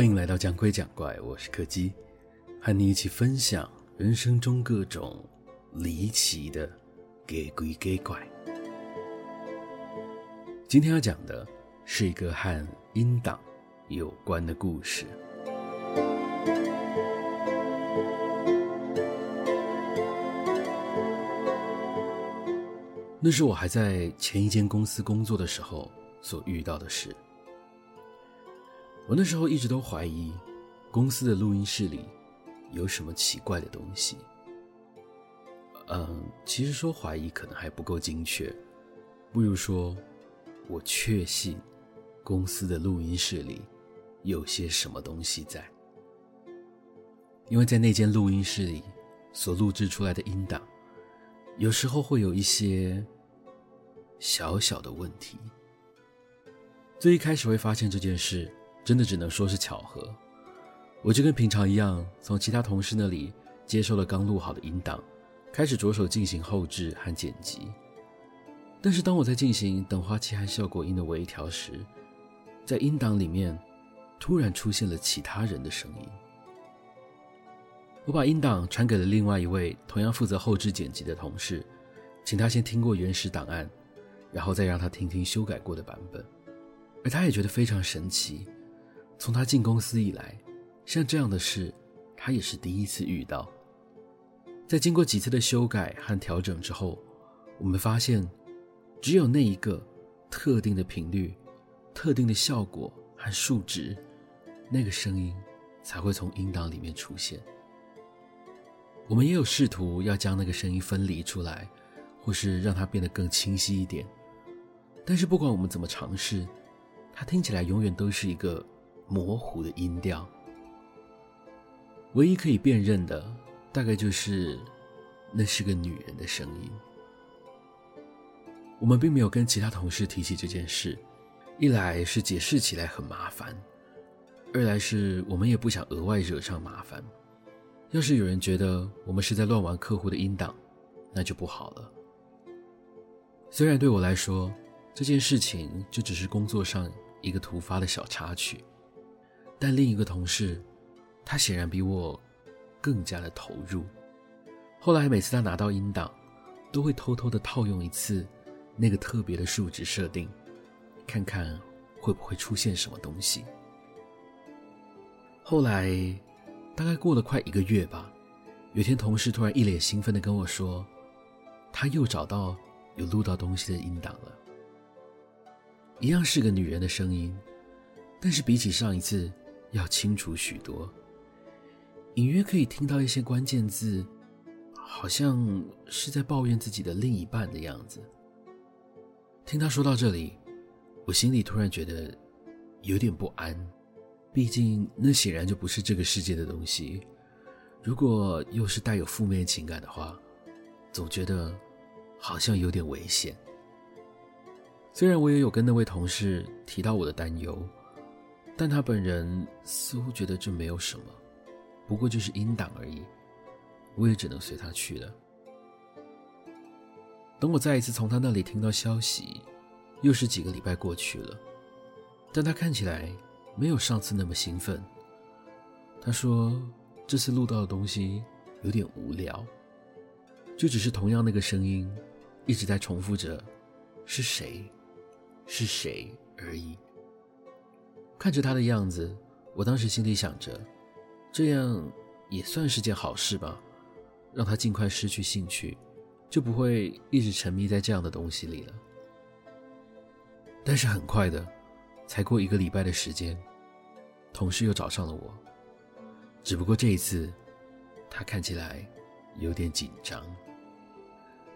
歡迎來到講鬼講怪，我是柯基，和你一起分享人生中各種離奇的鬼鬼怪怪。今天要講的是一個和音檔有關的故事。那是我還在前一間公司工作的時候所遇到的事。我那時候一直都懷疑，公司的錄音室裡有什麼奇怪的東西。嗯，其實說懷疑可能還不夠精確，不如說，我確信，公司的錄音室裡有些什麼東西在。因為在那間錄音室裡所錄製出來的音檔，有時候會有一些小小的問題。最一開始會發現這件事。真的只能說是巧合。我就跟平常一樣，從其他同事那裡接收了剛錄好的音檔，開始着手進行後置和剪輯。但是當我在進行等化器和效果音的微調時，在音檔裡面突然出現了其他人的聲音。我把音檔傳給了另外一位同樣負責後置剪輯的同事，請他先聽過原始檔案，然後再讓他聽聽修改過的版本，而他也覺得非常神奇。從他進公司以來，像這樣的事，他也是第一次遇到。在經過幾次的修改和調整之後，我們發現，只有那一個特定的頻率、特定的效果和數值，那個聲音才會從音檔裡面出現。我們也有試圖要將那個聲音分離出來，或是讓它變得更清晰一點。但是不管我們怎麼嘗試，它聽起來永遠都是一個。模糊的音調，唯一可以辨認的大概就是，那是個女人的聲音。我們並沒有跟其他同事提起這件事，一來是解釋起來很麻煩，二來是我們也不想額外惹上麻煩。要是有人覺得我們是在亂玩客戶的音檔，那就不好了。雖然對我來說，這件事情就只是工作上一個突發的小插曲。但另一個同事，他顯然比我更加的投入。後來每次他拿到音檔，都會偷偷的套用一次那個特別的數值設定，看看會不會出現什麼東西。後來，大概過了快一個月吧，有天同事突然一臉興奮的跟我說，他又找到有錄到東西的音檔了。一樣是個女人的聲音，但是比起上一次，要清楚許多，隱約可以聽到一些關鍵字，好像是在抱怨自己的另一半的樣子。聽他說到這裡，我心裡突然覺得有點不安，畢竟那顯然就不是這個世界的東西。如果又是帶有負面情感的話，總覺得好像有點危險。雖然我也有跟那位同事提到我的擔憂。但他本人似乎覺得這沒有什麼，不過就是音檔而已。我也只能隨他去了。等我再一次從他那裡聽到消息，又是幾個禮拜過去了。但他看起來沒有上次那麼興奮。他說這次錄到的東西有點無聊，就只是同樣那個聲音一直在重複着“是誰，是誰”而已。看着他的樣子，我當時心裡想着，這樣也算是件好事吧，讓他盡快失去興趣，就不會一直沉迷在這樣的東西裡了。但是很快的，才過一個禮拜的時間，同事又找上了我，只不過這一次，他看起來有點緊張。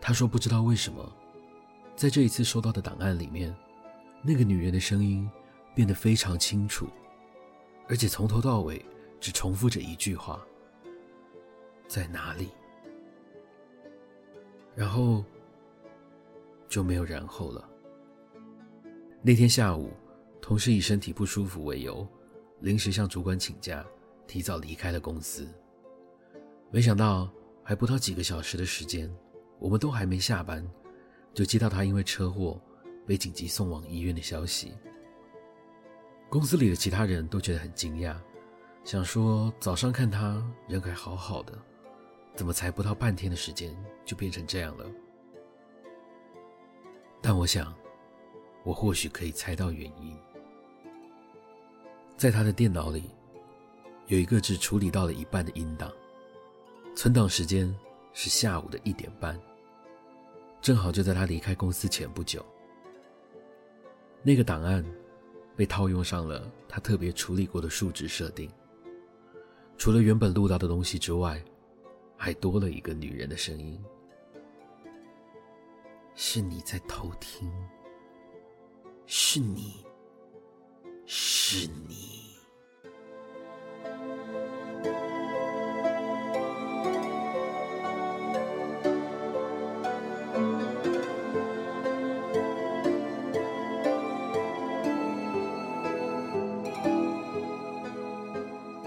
他說不知道為什麼，在這一次收到的檔案裡面，那個女人的聲音。變得非常清楚，而且從頭到尾只重複着一句話：“在哪裡？”然後就沒有然後了。那天下午，同事以身體不舒服為由，臨時向主管請假，提早離開了公司。沒想到，還不到幾個小時的時間，我們都還沒下班，就接到他因為車禍被緊急送往醫院的消息。公司裡的其他人都覺得很驚訝，想說早上看他人還好好的，怎麼才不到半天的時間就變成這樣了？但我想，我或許可以猜到原因。在他的電腦裡，有一個只處理到了一半的音檔，存檔時間是下午的一點半，正好就在他離開公司前不久。那個檔案，被套用上了他特別處理過的數值設定，除了原本錄到的東西之外，還多了一個女人的聲音。是你在偷聽，是你，是你。